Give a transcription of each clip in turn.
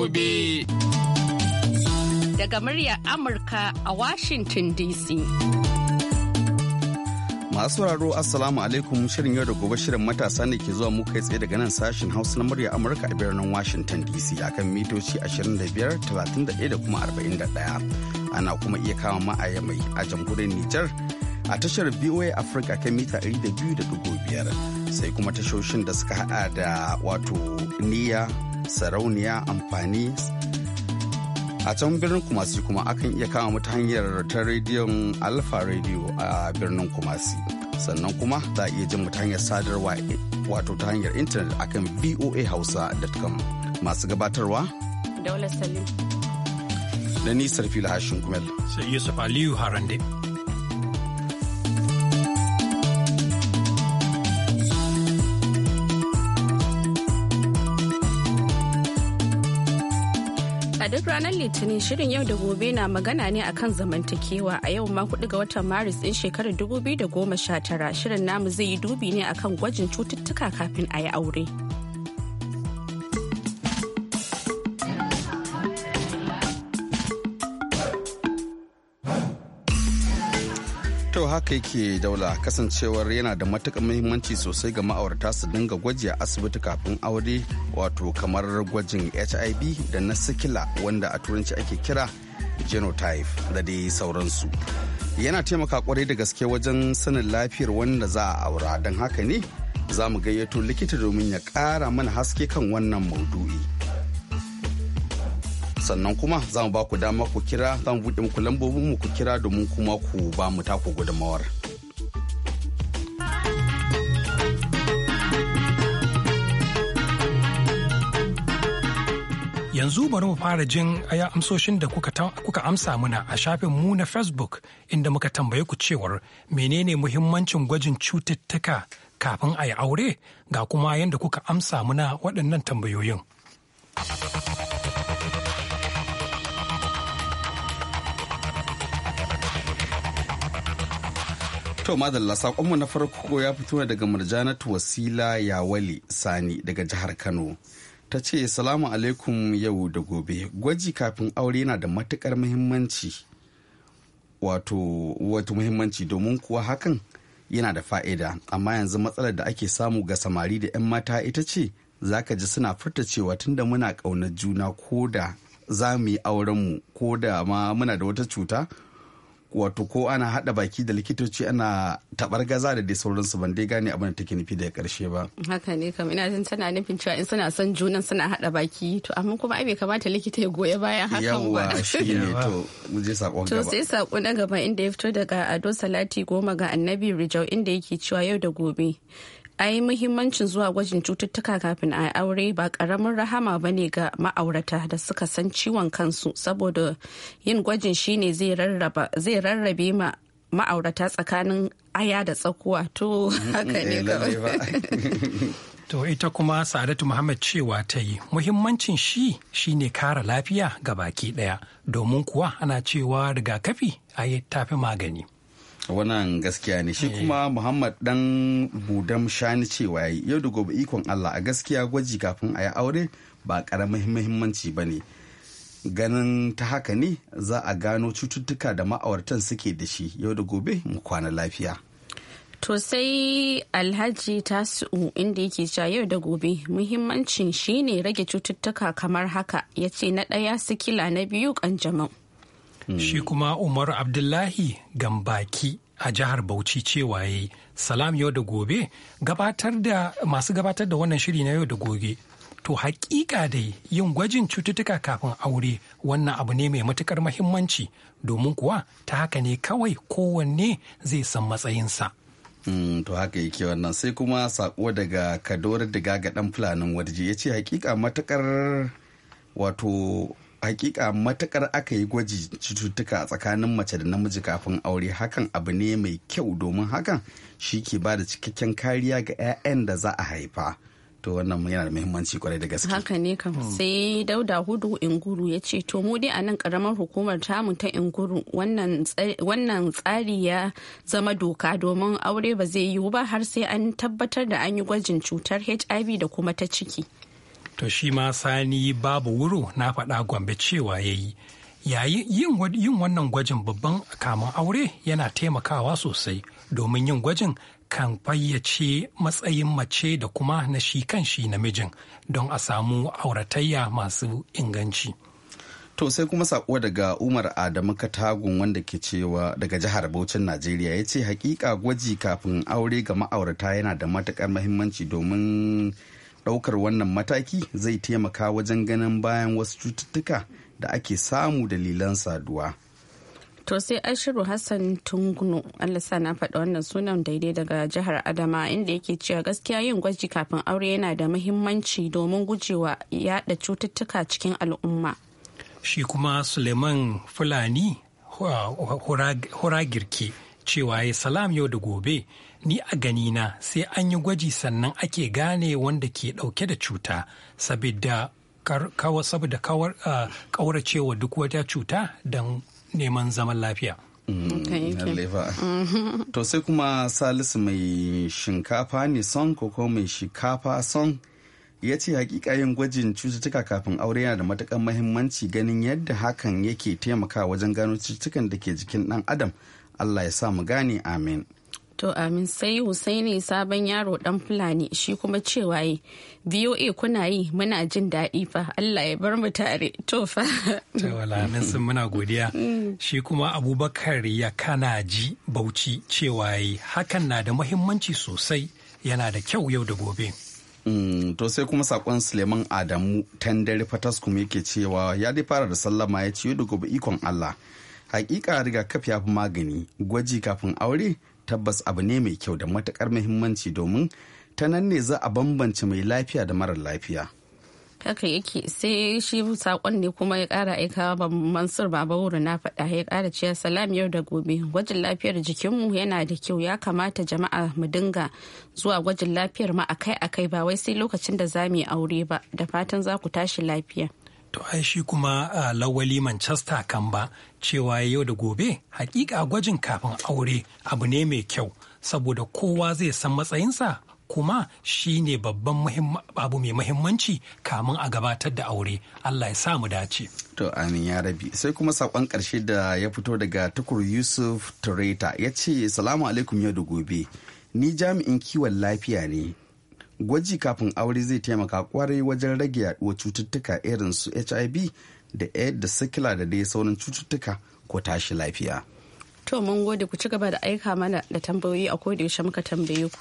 gobe. Daga muryar Amurka a Washington DC. Masu sauraro Assalamu alaikum shirin yau da gobe shirin matasa ne ke zuwa muka kai tsaye daga nan sashin. Hausa na murya Amurka a birnin Washington DC akan mitoci 25, 31 da kuma 41. Ana kuma iya kama ma'aya mai a jamhuriyar Nijar a tashar BOA Afirka kan mita 200.5 sai kuma tashoshin da suka hada da wato niya sarauniya amfani a can birnin kumasi kuma akan iya kama mata hanyar ta rediyon alfa radio a birnin kumasi sannan kuma za a iya jin mu hanyar sadarwa wato ta hanyar intanet akan voahausa.com masu gabatarwa daular salim da nisar fila hashin kumel sai yusuf aliyu harande duk ranar Litinin shirin yau da gobe na magana ne akan zamantakewa a yau ma kuɗi ga watan Maris ɗin shekarar 2019 shirin namu zai yi dubi ne akan gwajin cututtuka kafin a yi aure. haka ke daula kasancewar yana da matuƙar muhimmanci sosai ga ma'aurata su dinga gwaji a asibiti kafin aure wato kamar gwajin hiv da na sikila wanda a turanci ake kira genotype da dai sauransu yana taimaka kwarai da gaske wajen sanin lafiyar wanda za a aura don haka ne za mu gayyato likita domin ya ƙara mana haske kan wannan maudu'i. sannan kuma za mu ba ku dama ku kira za buɗe muku lambobin mu ku kira domin kuma ku ba mu taku gudunmawar. Yanzu bari mu fara jin aya amsoshin da kuka amsa muna a shafin mu na Facebook inda muka tambaye ku cewar menene muhimmancin gwajin cututtuka kafin a yi aure ga kuma yadda kuka amsa muna waɗannan tambayoyin. To madalla sakonmu na farko ya fito ne daga murjanatu wasila yawale sani daga jihar Kano. Ta ce salamu alaikum yau da gobe gwaji kafin aure yana da matukar muhimmanci wato wato muhimmanci domin kuwa hakan yana da fa'ida amma yanzu matsalar da ake samu ga samari da 'yan mata ita ce zaka ji suna furta cewa tunda muna ƙaunar juna ko da za mu yi aurenmu ko da ma muna da wata cuta wato ko ana hada baki da likitoci ana tabar gaza da dai sauransu ban dai gane abin da take nufi daga karshe ba haka ne kam ina jin tana nufin cewa in suna son junan suna hada baki to amma kuma ai bai kamata likita ya goya bayan hakan ba yawa shine to mu je sakon gaba to sai sako na gaba inda ya fito daga Ado Salati goma ga Annabi Rijau inda yake cewa yau da gobe ai muhimmancin zuwa gwajin cututtuka kafin a aure ba karamin rahama ba ne ga ma'aurata da suka san ciwon kansu saboda yin gwajin shine zai rarrabe ma ma'aurata tsakanin aya da tsakuwa to haka ne eh, To ita kuma Sa'adatu Muhammad cewa ta yi muhimmancin shi shine kara lafiya ga baki ɗaya domin kuwa ana cewa rigakafi a yi tafi magani. wannan gaskiya ne shi kuma eh. muhammad dan budam shani cewa yau da gobe ikon allah a gaskiya gwaji kafin a yi aure ba karamin muhimmanci ba ne ganin ta haka ne za a gano cututtuka da ma'auratan suke da shi yau da gobe mu kwana lafiya to sai alhaji tasu'u inda yake cewa yau da gobe muhimmancin shine rage cututtuka kamar haka ya ce na ɗaya sikila na biyu kanjamau Shi hmm. kuma Umar Abdullahi Gambaki a jihar Bauchi cewa yayi salam yau da gobe gabatar da masu gabatar da wannan shiri na yau da gobe to haƙiƙa dai yin gwajin cututtuka kafin aure wannan abu ne mai matukar mahimmanci domin kuwa ta haka ne kawai kowanne zai san matsayinsa. Mm, to haka yake wannan sai kuma sako daga kadori daga ga dan fulanin warji ya ce hakika matuƙar wato hakika matakar aka yi gwaji cututtuka tsakanin mace da namiji kafin aure hakan abu ne mai kyau domin hakan shi ke ba da cikakken kariya ga 'ya'yan da za a haifa to wannan yana da muhimmanci kwarai da gaske haka ne kam hmm. sai dauda hudu inguru ya ce to mu dai a nan karamar hukumar tamu ta inguru wannan tsari ya zama doka domin aure ba zai yiwu ba har sai an tabbatar da an yi gwajin cutar hiv da kuma ta ciki to shi ma sani babu wuro na faɗa gombe cewa ya yi yin wannan gwajin babban kamun aure yana taimakawa sosai domin yin gwajin kan fayyace matsayin mace da kuma na shi kan shi namijin don a samu auratayya masu inganci. To sai kuma sako daga Umar Adamu Katagun wanda ke cewa daga jihar Bauchin Najeriya ya ce hakika gwaji kafin aure ga ma'aurata yana da matukar mahimmanci domin ɗaukar wannan mataki zai taimaka wajen ganin bayan wasu cututtuka da ake samu dalilan saduwa. To sai Ashiru Hassan Tungunu, Allah sa na faɗa wannan sunan daidai daga jihar Adama inda yake cewa gaskiya yin gwaji kafin aure yana da muhimmanci domin gujewa yaɗa cututtuka cikin al'umma. Shi kuma Suleiman Fulani huragirki cewa ya salam yau da gobe ni a ganina sai an yi gwaji sannan ake gane wanda ke ɗauke da cuta saboda kawar saboda kauracewa duk wata cuta don neman zaman lafiya. Mm, mm-hmm. To sai kuma Salisu mai shinkafa ne son koko mai shinkafa son ya ce hakika yin gwajin cututtuka kafin aure yana da matukar mahimmanci ganin yadda hakan yake taimakawa wajen gano cututtukan da ke jikin dan adam Allah ya sa mu gane amin. To amin sai Husaini sabon yaro dan Fulani shi kuma cewa yi VOA kuna yi muna jin daɗi fa Allah ya bar mu tare to fa. Tawala min sun muna godiya. Mm. Shi kuma Abubakar ya kana ji Bauchi cewa yi hakan na da muhimmanci sosai yana da kyau yau da gobe. Mm, to sai kuma sakon Suleiman Adamu tandare Fataskum yake cewa ya dai fara da sallama ya ce da gobe ikon Allah. Hakika rigakafi ya fi magani, gwaji kafin aure tabbas abu ne mai kyau da matukar muhimmanci domin ta nan ne za a bambance mai lafiya da marar lafiya. haka yake sai shi sakon ne kuma ya kara aika mansur wuri na faɗa ya ƙara cewa salam yau da gobe gwajin lafiyar jikinmu yana da kyau ya kamata jama'a mu dinga zuwa gwajin lafiyar ma akai akai ba wai sai lokacin da za mu yi aure ba da fatan za ku tashi lafiya To ai shi kuma a lawali Manchester kan ba cewa yau da gobe hakika gwajin kafin aure abu ne mai kyau saboda kowa zai san matsayinsa kuma shi ne babban abu mai muhimmanci kamun a gabatar da aure Allah ya sa mu dace. To amin ya rabi sai kuma sakon karshe da ya fito daga tukur Yusuf Tureta ya ce salamu alaikum yau da gobe ni jami'in kiwon lafiya ne gwaji kafin aure zai taimaka kwarai wajen rage yaduwar cututtuka irin su hiv da aids da sikila da dai sauran cututtuka ko tashi lafiya to mun gode ku ci gaba da aika mana da tambayoyi a koda yaushe muka tambaye ku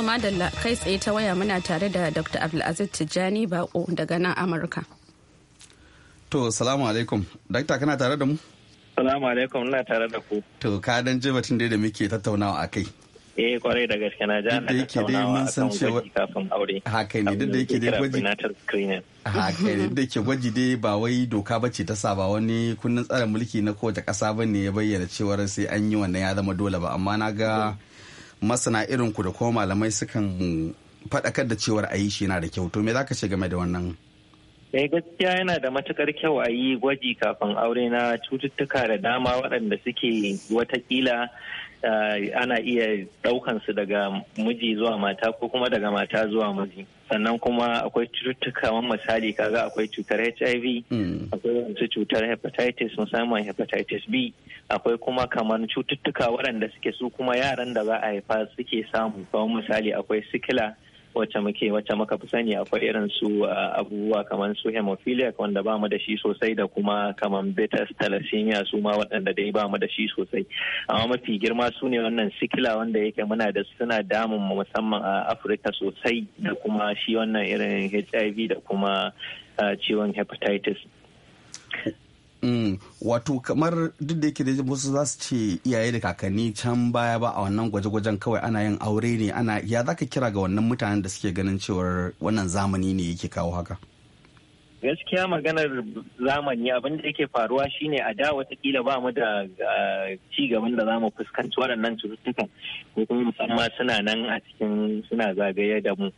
To madalla kai tsaye ta waya muna tare da Dr. Abdulaziz Tijjani Bako daga nan Amurka. To salamu alaikum. Dakta kana tare da mu? Salamu alaikum ina tare da ku. To ka dan ji batun da muke tattaunawa a kai. eh kwarai da gaske na ja na tattaunawa akan gwaji kafin haka ne duk da yake dai gwaji haka ne duk da yake gwaji dai ba wai doka bace ta sa ba wani kunnin tsarin mulki na kowace ƙasa ba ne ya bayyana cewar sai an yi wannan ya zama dole ba amma na ga masana irin ku da kuma malamai sukan faɗakar da cewar a yi shi yana da kyau to me ka ce game da wannan eh gaskiya yana da matukar kyau a yi gwaji kafin aure na cututtuka da dama waɗanda suke watakila eh, ana iya ɗaukansu daga miji zuwa mata ko kuma daga mata zuwa miji. sannan kuma akwai cututtuka man misali kaga akwai cutar hiv hmm. akwai wasu cutar hepatitis musamman hepatitis b akwai kuma kamar cututtuka waɗanda suke su kuma yaran da za a haifa suke samu kamar misali akwai sikila wacce muke wacce muka fi sani akwai irin su uh, abubuwa kamar su hemophilia wanda ba mu da shi sosai da kuma kamar beta thalassemia su ma waɗanda dai ba mu da shi sosai amma mafi girma su ne wannan sikila wanda yake muna da suna damun mu musamman a afirka sosai da kuma shi wannan irin hiv da kuma uh, ciwon hepatitis Mm. wato kamar duk da yake da wasu za su ce iyaye da kakanni can baya ba a wannan gwaje-gwajen kawai ana yin aure ne ana ya za ka kira ga wannan mutanen da suke ganin cewar wannan zamani ne yake kawo haka gaskiya maganar zamani abin da yake faruwa shine a da watakila ba mu da ah, ci gaban da zamu fuskanci waɗannan cututtukan ko kuma musamman suna nan a cikin suna zagaye da mu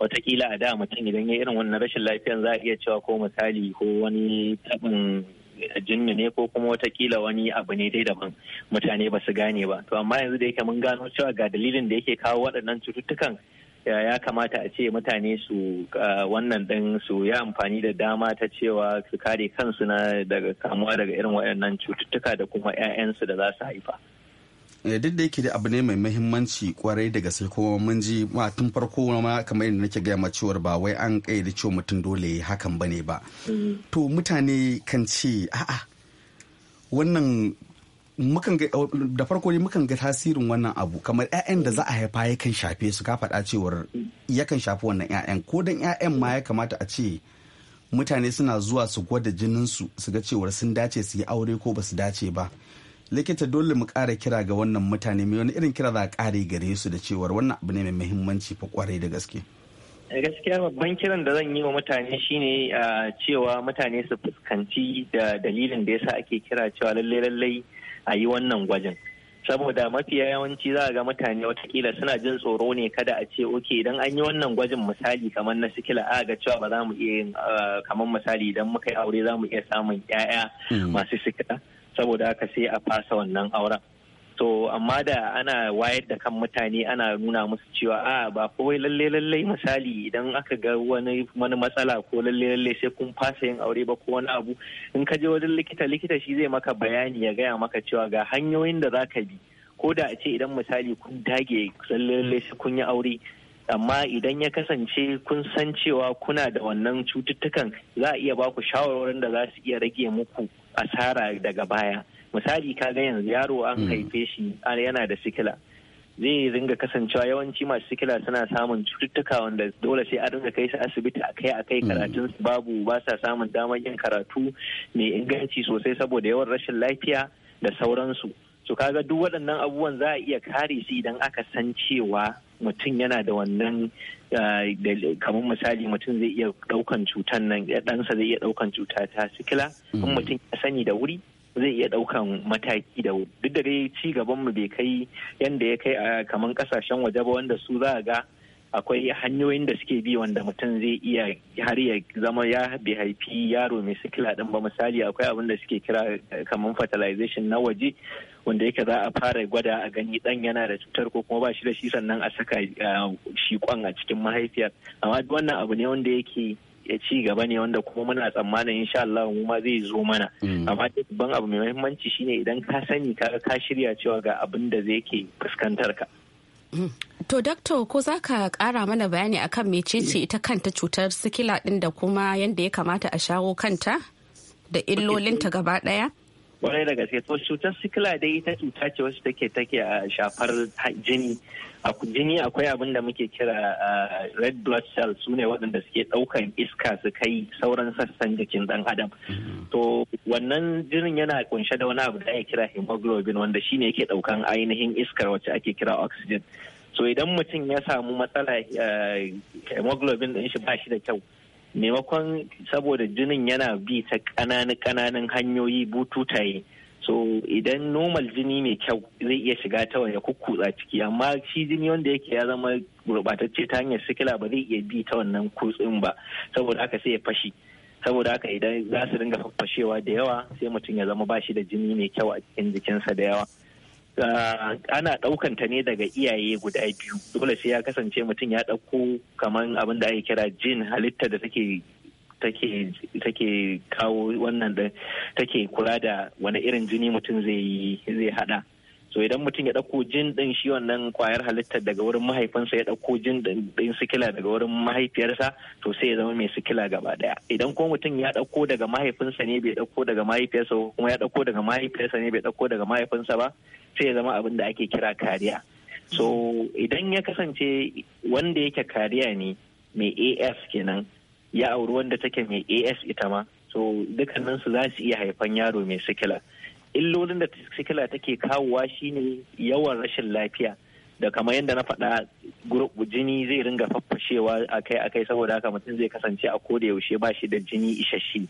watakila a da mutum idan ya irin wannan rashin lafiyan za a iya cewa ko misali ko wani tabin jinnu ne ko kuma watakila wani abu ne dai daban mutane ba su gane ba to amma yanzu da yake mun gano cewa ga dalilin da yake kawo waɗannan cututtukan ya kamata a ce mutane su wannan ɗin su ya amfani da dama ta cewa su kare kansu na daga kamuwa daga irin waɗannan cututtuka da kuma 'ya'yansu da za su haifa. Eh, duk da yake da abu ne mai mahimmanci kwarai da gaske kuma mun ji ma tun farko ma kamar yadda nake gaya ma cewar ba wai an kayyade cewa mutum dole hakan bane ba to mutane kan ce a'a wannan da farko ne mukan ga tasirin wannan abu kamar 'ya'yan da za a haifa yakan shafe su ka faɗa cewar yakan shafi wannan 'ya'yan ko dan 'ya'yan ma ya kamata a ce mutane suna zuwa su gwada jinin su su ga cewar sun dace su yi aure ko ba su dace ba likita dole mu kara kira ga wannan mutane mai wani irin kira za a ƙare gare su da cewar wannan abu ne mai muhimmanci fa kwarai da gaske eh, gaskiya babban kiran da zan yi wa mutane shine cewa mutane su fuskanci da dalilin da yasa ake kira cewa lallai lallai a yi wannan gwajin saboda mafiya yawanci za a ga mutane watakila suna jin tsoro ne kada a ce oke idan an yi wannan gwajin misali kamar na sikila a ga cewa ba za mu iya kamar misali idan muka yi aure za mu iya samun 'ya'ya hmm. masu sikila saboda haka sai a fasa wannan auren to amma da ana wayar da kan mutane ana nuna musu cewa a ba kowai lalle lalle misali idan aka ga wani wani matsala ko lalle lalle sai kun fasa yin aure ba ko wani abu in ka je wajen likita likita shi zai maka bayani ya gaya maka cewa ga hanyoyin da za ka bi ko da a ce idan misali kun dage lalle lalle sai kun yi aure amma idan ya kasance kun san cewa kuna da wannan cututtukan za a iya baku shawarwarin da za su iya rage muku asara daga baya misali ka kaga yanzu yaro an hmm. haife shi yana da sikila zai ringa kasancewa yawanci masu sikila suna samun cututtuka wanda dole sai a ringa kai su asibiti akai akai hmm. karatun babu ba sa samun damar yin karatu mai inganci sosai saboda yawan rashin lafiya da sauransu so kaga duk waɗannan abubuwan za a iya kare su idan aka san cewa mutum yana da wannan eh, kamar misali mutum zai iya ɗaukan cutar nan ɗansa zai iya ɗaukan cuta ta sikila in hmm. mutum ya sani da wuri zai iya ɗaukan mataki da wuri duk da dai ci gaban mu bai kai yanda ya kai a kamar kasashen waje ba wanda su za a ga akwai hanyoyin da suke bi wanda mutum zai iya har ya zama ya bi haifi yaro mai sikila din ba misali akwai abin da suke kira eh, kamar fertilization na waje wanda yake za a fara gwada a gani dan yana da cutar ko kuma ba shi da shi sannan a saka eh, shi a cikin mahaifiyar amma wannan abu ne wanda yake ya ci gaba ne wanda kuma muna tsammanin insha Allah mu ma zai zo mana mm. amma babban abu mai muhimmanci shine idan ka sani ka ka shirya cewa ga abin da zai ke fuskantar ka To doctor ko za ka kara mana bayani akan mecece ita kanta cutar sikila ɗin da kuma yadda ya kamata a shawo kanta da illolinta gaba ɗaya. kwarai da gaske to cutar sikila dai ita cuta ce wacce take take ah, a shafar jini jini akwai abin da muke kira ah, red blood cells su ne waɗanda suke ɗaukan iska su kai sauran sassan jikin ɗan adam mm-hmm. to wannan jinin yana kunshe da wani abu da ake kira hemoglobin wanda shine yake ɗaukan ainihin iskar wacce ake kira oxygen so idan mutum ya samu matsala ah, hemoglobin ɗin shi ba shi da kyau maimakon saboda jinin yana bi ta ƙananan hanyoyi bututaye so idan normal jini mai kyau zai iya shiga ta wani kukkutsa ciki amma shi jini wanda yake ya zama gurɓatacce ta hanyar sikila ba zai iya bi ta wannan kutsin ba saboda haka sai ya fashi saboda haka idan za su dinga faffashewa da yawa sai mutum ya zama ba shi da jini mai kyau a cikin jikinsa da yawa ana ɗaukan ta ne daga iyaye guda biyu dole sai ya kasance mutum ya ɗauko kamar abin da ake kira jin halitta da take take kawo wannan da take kula da wani irin jini mutum zai haɗa. zai hada so idan mutum ya ɗauko jin ɗin shi wannan kwayar halittar daga wurin mahaifinsa ya ɗauko jin ɗin sikila daga wurin mahaifiyarsa to sai ya zama mai sikila gaba ɗaya idan ko mutum ya ɗauko daga mahaifinsa ne bai ɗauko daga mahaifiyarsa kuma ya ɗauko daga mahaifiyarsa ne bai ɗauko daga mahaifinsa ba sai ya zama abin da ake kira kariya so idan ya kasance wanda yake kariya ne mai as kenan ya auri wanda take mai as ita ma so dukkaninsu za su iya haifan yaro mai sikila illolin da sikila take kawowa shine yawan rashin lafiya da kamar yadda na faɗa jini zai ringa faffashewa akai akai saboda haka mutum zai kasance a ko da yaushe ba shi da jini isasshe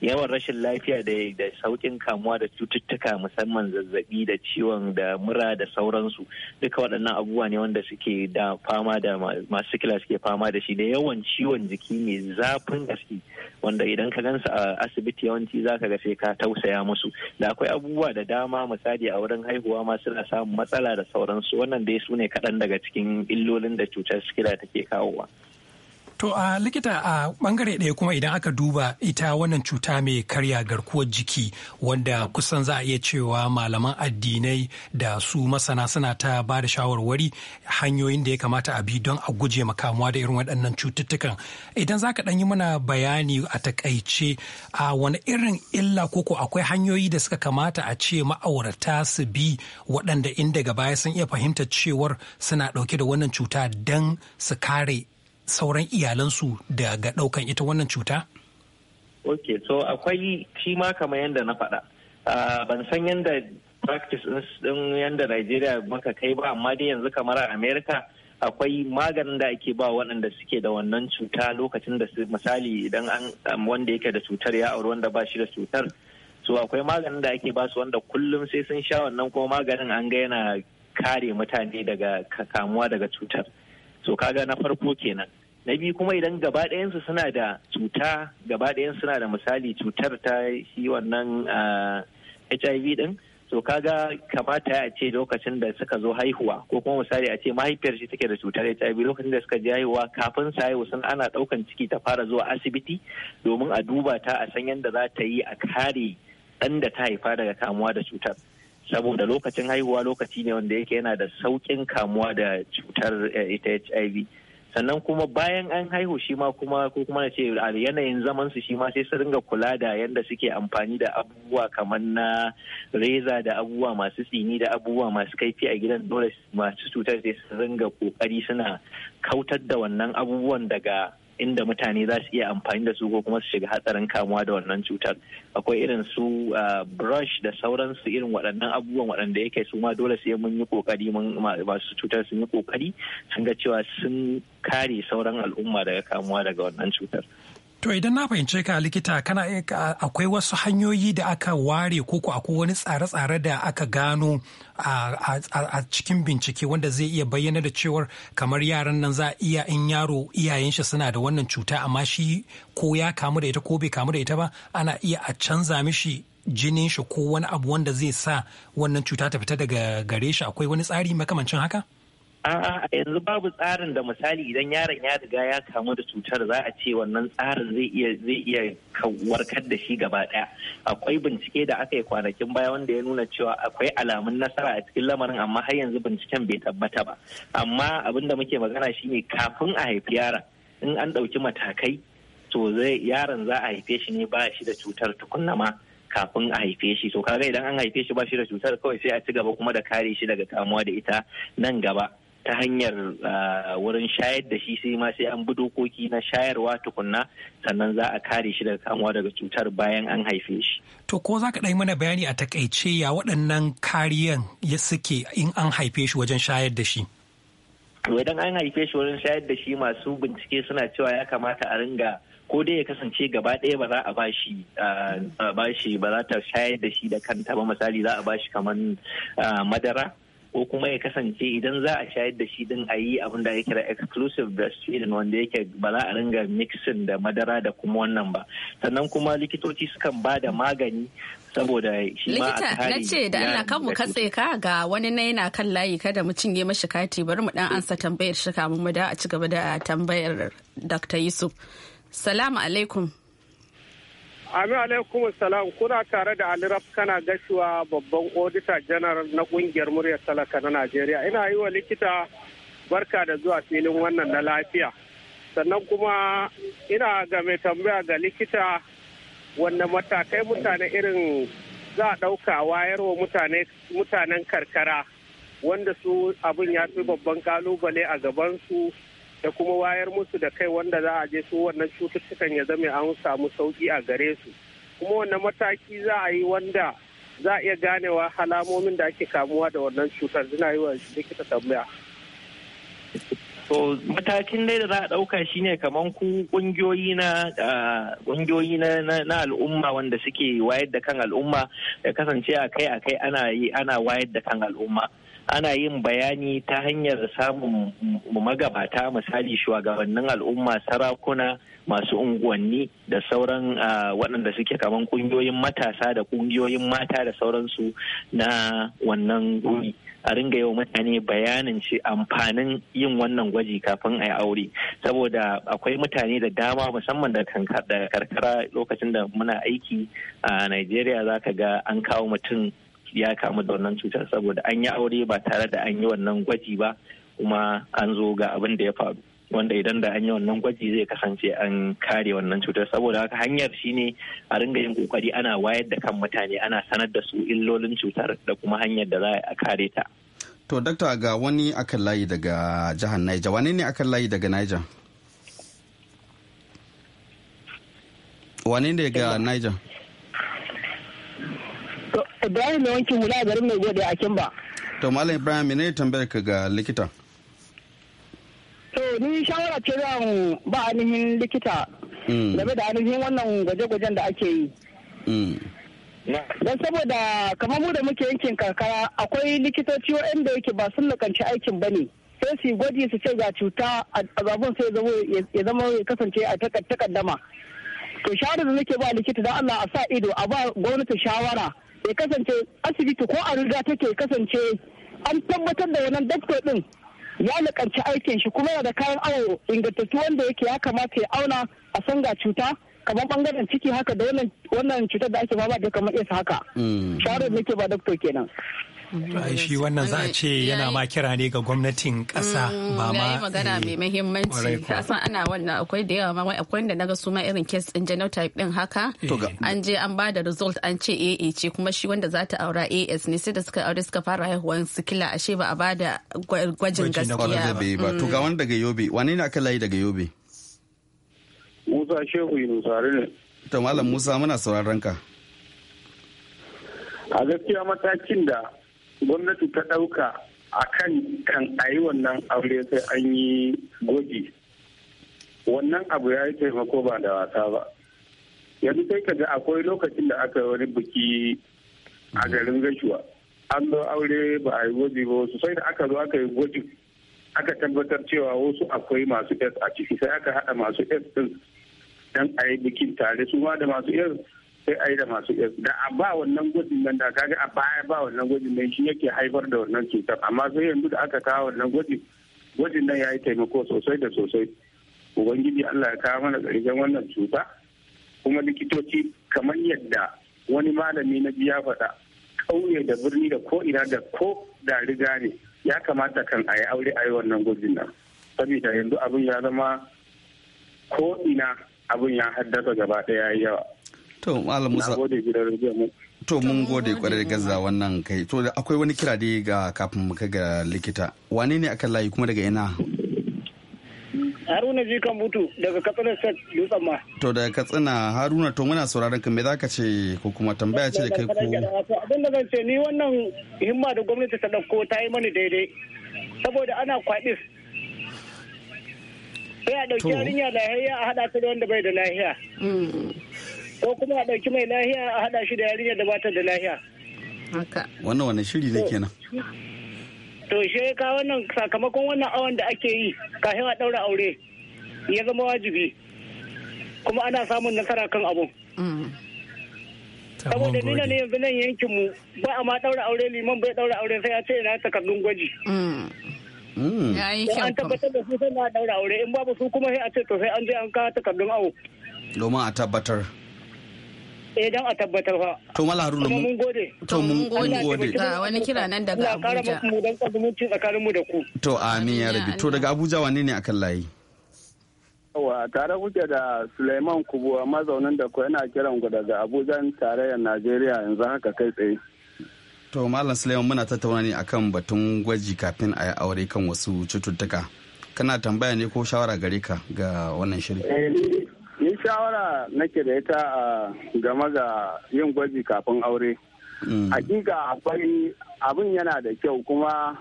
yawan rashin lafiya da da saukin kamuwa da cututtuka musamman zazzabi da ciwon da mura da sauransu duka waɗannan abubuwa ne wanda suke da fama da masu sikila suke fama da shi da yawan ciwon jiki mai zafin gaske wanda idan ka gansu a asibiti yawanci zaka ga sai ka tausaya musu da akwai abubuwa da dama misali a wurin haihuwa ma suna samun matsala da sauransu wannan dai su ne kaɗan daga cikin illolin da cutar sikila take kawowa. To a likita a bangare ɗaya kuma idan aka duba ita wannan cuta mai karya garkuwar jiki wanda kusan za a iya cewa malaman addinai da su masana suna ta ba da shawarwari hanyoyin da ya kamata a bi don a guje makamuwa da irin waɗannan cututtukan. Idan za ka ɗan yi mana bayani a takaice a wani irin illa koko akwai hanyoyi da suka kamata a ce ma'aurata su bi waɗanda in daga baya sun iya fahimta cewar suna ɗauke da wannan cuta don su kare sauran iyalansu daga ɗaukan ita wannan cuta? Ok, so akwai shi ma kamar yadda na faɗa. Ah, ban san yadda practice din yadda Najeriya maka kai ba, amma dai yanzu kamar a Amerika akwai maganin da ake ba waɗanda suke da wannan cuta lokacin da su misali idan an wanda yake da cutar ya auri wanda ba shi da cutar. So akwai maganin da ake ba su wanda kullum sai sun sha wannan kuma maganin an ga yana kare mutane daga kamuwa daga cutar. So kaga na farko kenan. na biyu kuma idan gaba ɗayansu suna da cuta gaba ɗayansu suna da misali cutar ta shi wannan hiv ah, din so kaga kamata a ce lokacin da suka zo haihuwa ko kuma misali a ce mahaifiyar shi take da cutar hiv lokacin da suka je haihuwa kafin su haihu sun ana ɗaukan ciki ta fara zuwa asibiti domin a duba ta a san yadda za ta yi a kare ɗan da ta haifa daga kamuwa da cutar saboda lokacin haihuwa lokaci ne wanda yake yana da sauƙin kamuwa da cutar eh, ita hiv sannan kuma bayan an haihu shi ma kuma ko kuma na ce a yanayin zaman su shi ma sai su ringa kula da yadda suke amfani da abubuwa kamar na reza da abubuwa masu tsini da abubuwa masu kaifi a gidan dole masu cutar sai su ringa kokari suna kautar da wannan abubuwan daga inda mutane za su iya amfani da su ko kuma su shiga hatsarin kamuwa da wannan cutar akwai irin su ah, brush da sauransu irin waɗannan abubuwan waɗanda yake su ma dole sai mun yi kokari masu cutar sun yi kokari sun ga cewa sun kare sauran al'umma daga kamuwa daga wannan cutar To idan na fahimce ka likita kana akwai wasu hanyoyi da aka ware ko akwai wani tsare-tsare da aka gano a cikin bincike wanda zai iya bayyana da cewar kamar yaran nan za iya in yaro iyayen shi suna da wannan cuta amma shi ko ya kamu da ita ko bai kamu da ita ba ana iya a canza mishi jinin shi ko wani abu wanda zai sa wannan cuta ta fita daga gare shi akwai wani tsari makamancin haka? A'a yanzu babu tsarin da misali idan yaron ya riga ya kamu da cutar za a ce wannan tsarin zai iya zai iya warkar da shi gaba daya. Akwai bincike da aka yi kwanakin baya wanda ya nuna cewa akwai alamun nasara a cikin lamarin amma har yanzu binciken bai tabbata ba. Amma abin da muke magana shine kafin a haifi yaron in an ɗauki matakai to zai yaron za a haife shi ne ba shi da cutar tukunna ma. kafin a haife shi to kaga idan an haife shi ba shi da cutar kawai sai a ci gaba kuma da kare shi daga kamuwa da ita nan gaba ta hanyar wurin shayar da shi sai ma sai an bi dokoki na shayarwa tukunna sannan za a kare shi daga kamuwa daga cutar bayan an haife shi. To ko za ka ɗai mana bayani a takaice ya waɗannan kariyan ya suke in an haife shi wajen shayar da shi? Idan an haife shi wajen shayar da shi masu bincike suna cewa ya kamata a ringa ko dai ya kasance gaba ɗaya ba za a bashi ba za ta shayar da shi da kanta ba misali za a bashi kamar madara ko kuma ya kasance idan za a shayar da shi din a yi abin da ya kira exclusive breastfeeding wanda yake ba za a ringa mixing da madara da kuma wannan ba sannan kuma likitoci sukan ba da magani saboda shi ma a ce da Allah kan mu katse ka ga wani na yana kan layi kada mu cinye mashi kati bari mu dan ansa tambayar shi kamun mu da a ci gaba da tambayar Dr. Yusuf salamu alaikum Amin alaikum salam kuna tare da Ali Raf kana gashuwa babban odita janar na kungiyar muryar talaka na Najeriya. Ina yi wa likita barka da zuwa filin wannan na lafiya. Sannan kuma ina ga mai tambaya ga likita wanda matakai mutane irin za a ɗauka wa mutanen karkara wanda su abin ya fi babban kalubale a gabansu da kuma wayar musu da kai wanda za a je su wannan cututtukan ya zama an samu sauki a gare su kuma wannan mataki za a yi wanda za a iya ganewa halamomin da ake kamuwa da wannan cutar suna yi wa likita tambaya matakin dai da za a ɗauka shine kamar ku ƙungiyoyi na ƙungiyoyi na al'umma wanda suke wayar da kan al'umma da kasance a kai a kai ana wayar da kan al'umma ana yin bayani ta hanyar samun magabata misali shugabannin al'umma sarakuna masu unguwanni da sauran waɗanda suke kaman ƙungiyoyin matasa da ƙungiyoyin mata da sauransu na wannan guri a ringa yau mutane bayanin ci amfanin yin wannan gwaji kafin a yi aure saboda akwai mutane da dama musamman da karkara lokacin da muna aiki a nigeria za ka ga an kawo mutum ya kamu da wannan cutar saboda an yi aure ba tare da an yi wannan gwaji ba kuma an zo ga abin da ya faru wanda idan da an yi wannan gwaji zai kasance an kare wannan cutar saboda haka hanyar shine a ringa yin kokari ana wayar da kan mutane ana sanar da su illolin cutar da kuma hanyar da za a kare ta to dakta ga wani akan layi daga jihar Niger wani ne akan layi daga Niger wani ne daga Niger Ibrahim mai wankin hula garin mai gode a Kimba. To Malam Ibrahim ne tambayar ka ga likita. To ni shawara ce zan ba ainihin likita mm. game da ainihin wannan gwaje-gwajen da ake yi. Mm. Don saboda kamar mu da muke yankin karkara akwai likitoci waɗanda yake ba sun lakanci aikin ba ne. sai su gwaji su ce ga cuta a zabon sai ya zama ya kasance a takaddama. To shawarar da nake ba likita don Allah a sa ido a ba gwamnati shawara. ya kasance asibiti ko a riga take kasance an tabbatar da wannan daktar din ya lakanci aikin shi kuma yana da kayan awo ingantattu wanda yake ya kamata ya auna a sanga cuta kamar bangaren ciki haka da wannan cutar da ake fama da kamar isa haka mm. shawarar nake ba daktar kenan Mm-hmm. To shi wannan za a ce mm, yana ma kira ne ga gwamnatin kasa ba mm, ma. Yayi magana eh, mai muhimmanci. kasan san ana wannan akwai da yawa ma wai akwai da naga su ma irin case din genotype din haka. Eh. An je an ba da result an ce AA ce kuma shi wanda za ta aura AS ne sai da suka aure suka fara haihuwan sikila ashe ba a ba da gwajin gaskiya ba. Mm. To ga wani daga Yobe wani ne aka layi daga Yobe? Musa Shehu Yunusari ne. Ta Malam Musa muna sauraron ka. A gaskiya matakin da gwamnati ta ɗauka a kan kan a wannan aure sai an yi gwaji wannan abu ya yi taimako ba da wasa ba yanzu sai ka ga akwai lokacin da aka yi wani biki a garin gashuwa an zo aure ba a yi gwaji ba wasu sai da aka zo aka yi gwaji aka tabbatar cewa wasu akwai masu s a ciki sai aka haɗa masu s din dan a yi bikin tare su ma da masu s sai a yi da masu da a ba wannan gwajin nan da kaga a baya ba wannan gwajin nan shi yake haifar da wannan cutar amma sai yanzu da aka kawo wannan gwajin gwajin nan ya yi taimako sosai da sosai ubangiji allah ya kawo mana ƙarshen wannan cuta kuma likitoci kamar yadda wani malami na biya faɗa ƙauye da birni da ko ina da ko da riga ne ya kamata kan a yi aure a yi wannan gwajin nan saboda yanzu abin ya zama ko ina abin ya haddasa gaba ɗaya yawa to malam musa to mun gode kwarai gaza wannan kai to akwai wani kira dai ga kafin mu kai ga likita wane ne akan layi kuma daga ina haruna ji kan mutu daga katsina set dutsen ma to daga katsina haruna to muna sauraron ka me za ka ce ko kuma tambaya ce da kai ko abin da zan ce ni wannan himma da gwamnati ta dauko ta yi mani daidai saboda ana kwaɗis sai a ɗauki yarinya lahiya a haɗa ta da wanda bai da lahiya mm. ko kuma a ɗauki mai lahiya a haɗa shi da yarinya da bata da lahiya. Wannan wannan shiri ne kenan. To she ka wannan sakamakon wannan awon da ake yi kafin a ɗaura aure ya zama wajibi kuma ana samun nasara kan abun. Mm. Saboda nuna ne yanzu nan yankin mu ba a ma ɗaura aure liman bai ɗaura aure sai ya ce ina takardun gwaji. Mm. Mm. Ya An tabbatar da su sai na ɗaura aure in babu su kuma sai a ce to sai an je an kawo takardun awo. Domin a tabbatar. a tabbatar to mala haruna mun gode to mun gode ga wani kira nan daga abuja mu dan zumunci tsakanin mu da ku to amin ya rabi to daga abuja wane ne akan layi yawa tare kuke da suleiman kubuwa mazaunin da ku yana kiran ku daga abuja tarayyar najeriya yanzu haka kai tsaye to malam suleiman muna tattauna ne akan batun gwaji kafin a yi aure kan wasu cututtuka kana tambaya ne ko shawara gare ka ga wannan shirin eh, shawara nake da ita game da yin gwaji kafin aure mm. hakika akwai abin yana da kyau kuma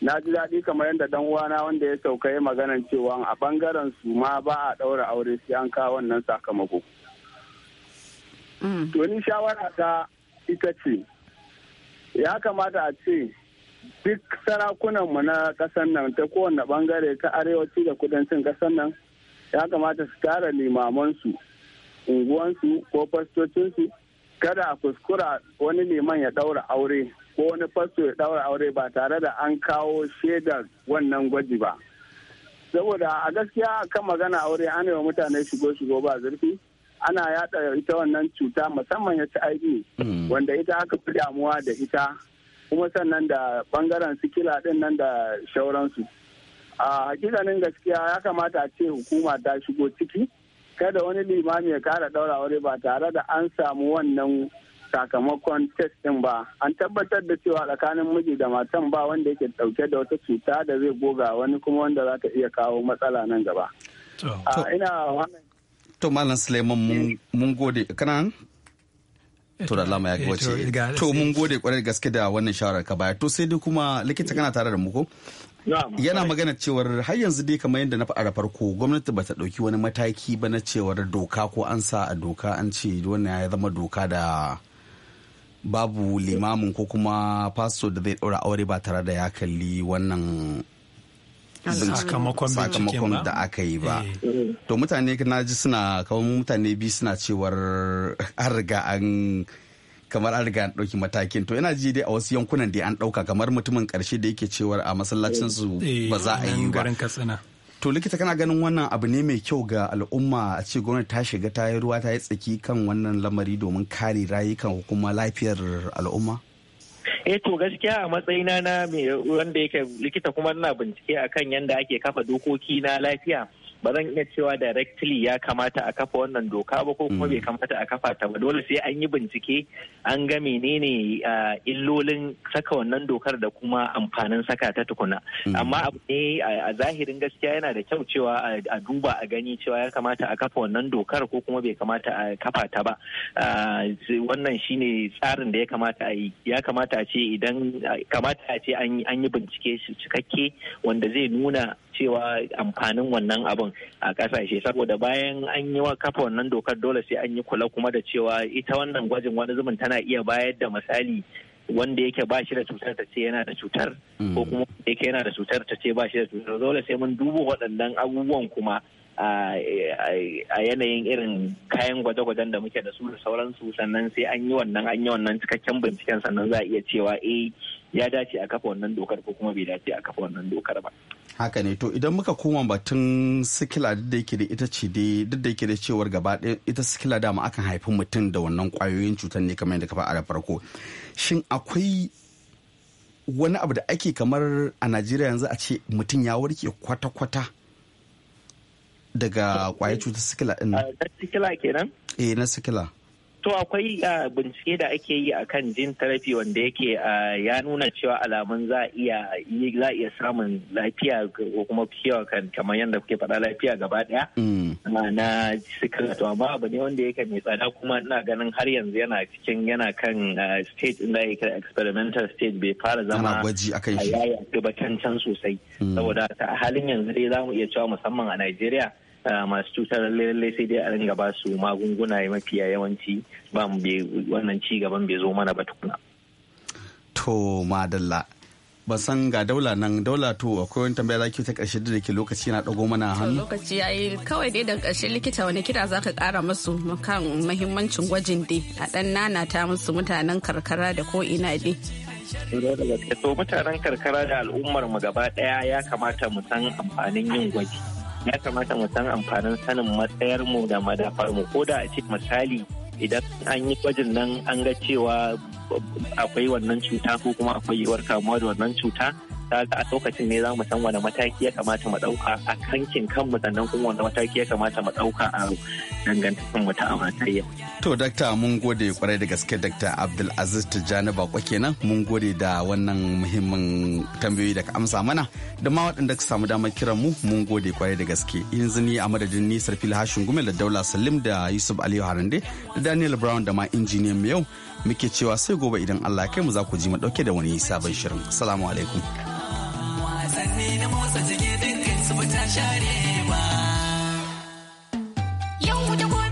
na ji daɗi kamar yadda dan uwana wanda ya sauka ya maganan cewa a bangaren su ma ba a ɗaura aure sai an kawo wannan sakamako mm. to ni shawara ta ita ce ya kamata a ce duk sarakunanmu na ƙasar nan ta kowane bangare ta arewaci da kudancin ƙasar nan ya kamata su tara limamansu unguwansu ko fastocinsu kada a kuskura wani liman ya daura aure ko wani fasto ya daura aure ba tare da an kawo shaidar wannan gwaji ba saboda a gaskiya kan magana aure ana wa mutane shigo shigo ba zurfi ana yada ita wannan cuta musamman ya ci aiki hmm. wanda ita aka fi damuwa da ita kuma sannan da bangaren sikila din nan da shauransu a hakikanin gaskiya ya kamata a ce hukuma ta shigo ciki kada wani limami ya kara daura wuri ba tare da an samu wannan sakamakon test ɗin ba an tabbatar da cewa tsakanin miji da matan ba wanda yake dauke da wata cuta da zai goga wani kuma wanda za ta iya kawo matsala nan gaba to malam suleiman mun eh. gode kanan eh, to da lama ya eh, wace to mun gode kwarai gaske da wannan shawarar ka baya to sai dai kuma likita kana tare da mu ko yana magana cewar har yanzu dai kamar yadda na faɗa farko gwamnati ba ta ɗauki wani mataki ba na cewar doka ko an sa a doka an ce wannan ya zama doka da babu limamin ko kuma fasfo da zai ɗaura aure ba tare da ya kalli wannan sakamakon da aka yi ba eh. to mutane na ji suna kawo mutane biyu suna cewar an riga an kamar an riga ɗauki matakin to ina ji dai a wasu yankunan da an ɗauka kamar mutumin karshe da yake cewa a masallacin su eh, eh, ba za a yi ba to likita kana ganin wannan abu ne mai kyau ga al'umma a ce gwamnati ta shiga ta yi ruwa ta yi tsaki kan wannan lamari domin kare rayukan kuma lafiyar al'umma eh to gaskiya a matsayina na wanda yake likita kuma ina bincike akan yadda ake kafa dokoki na lafiya ba zan iya cewa directly ya kamata a kafa wannan doka ba ko kuma hmm. bai kamata a kafa ta ba dole sai an yi bincike an ga menene illolin saka wannan dokar da kuma amfanin saka ta tukuna hmm. amma abu ne a zahirin gaskiya yana da kyau cewa a duba a gani cewa ya kamata a kafa wannan dokar ko kuma bai kamata a kafa ta ba wannan shine tsarin da ya kamata a yi ya kamata a ce idan kamata a ce an yi bincike cikakke wanda zai nuna cewa amfanin wannan abin a kasashe saboda bayan an yi wa kafa wannan dokar dole sai an yi kula kuma da cewa ita wannan gwajin wani zubin tana iya bayar da misali wanda yake ba shi da cutar ta ce yana da cutar mm. ko kuma yake yana da cutar ta ce ba shi da cutar dole sai mun duba waɗannan abubuwan kuma a yanayin irin kayan gwaje-gwajen da muke da su da sauransu sannan sai an yi wannan an yi wannan cikakken binciken sannan za a iya cewa eh ya dace a kafa wannan dokar ko kuma bai dace a kafa wannan dokar ba. Haka ne to idan muka koma batun sikila duk da yake da ita ce dai duk da yake da cewar gaba ɗaya ita sikila dama akan haifi mutum da wannan kwayoyin cutar ne kamar yadda ka faɗa da farko. Shin akwai wani abu da ake kamar a Najeriya yanzu a ce mutum ya warke kwata-kwata daga kwayoyin cutar sikila ɗin? Na sikila kenan? Eh na sikila. to akwai bincike da ake yi a kan jin therapy wanda yake ya nuna cewa alamun za iya iya samun lafiya ko kuma kiyawa kan kamar yadda kuke faɗa lafiya gaba ɗaya mm. na sikila amma abu ne wanda yake mai tsada kuma ina ganin har yanzu yana cikin yana kan stage inda yake experimental stage bai fara zama gwaji akan shi ba can can sosai mm. saboda a halin yanzu dai za mu iya cewa musamman a Najeriya masu cutar lallai sai dai a ringa ba su magunguna mafiya yawanci ba mu wannan ci gaban bai zo mana ba tukuna. To madalla. ba san ga daula nan daula to akwai wani tambaya zaki ta karshe da ke lokaci na dago mana hannu lokaci yayi kawai dai da karshe likita wani kira zaka kara musu kan muhimmancin gwajin dai a dan ta musu mutanen karkara da ko ina dai to mutanen karkara da al'ummar mu gaba daya ya kamata mu san amfanin yin gwaji ya kamata mu san amfanin sanin matsayar mu da madafar mu ko da a ce misali idan an yi gwajin nan an ga cewa akwai wannan cuta ko kuma akwai yiwuwar kamuwa da wannan cuta misali a lokacin ne za mu san wani mataki ya kamata mu dauka a kankin kanmu sannan kuma wani mataki ya kamata mu ɗauka a dangantakar mu ta auratayya to dakta mun gode kwarai da gaske dakta Abdulaziz Tijjani Bakwa kenan mun gode da wannan muhimmin tambayoyi da ka amsa mana da ma waɗanda ka samu damar kiran mu mun gode kwarai da gaske yanzu ni a madadin ni Sarfil Hashin Gumel da Daula Salim da Yusuf Aliyu Harande da Daniel Brown da ma injiniyan mu yau muke cewa sai gobe idan Allah ya kai mu za ku ji mu dauke da wani sabon shirin. Assalamu alaikum. ne na motsa jiki dukkan su ba ta share ba. Yau da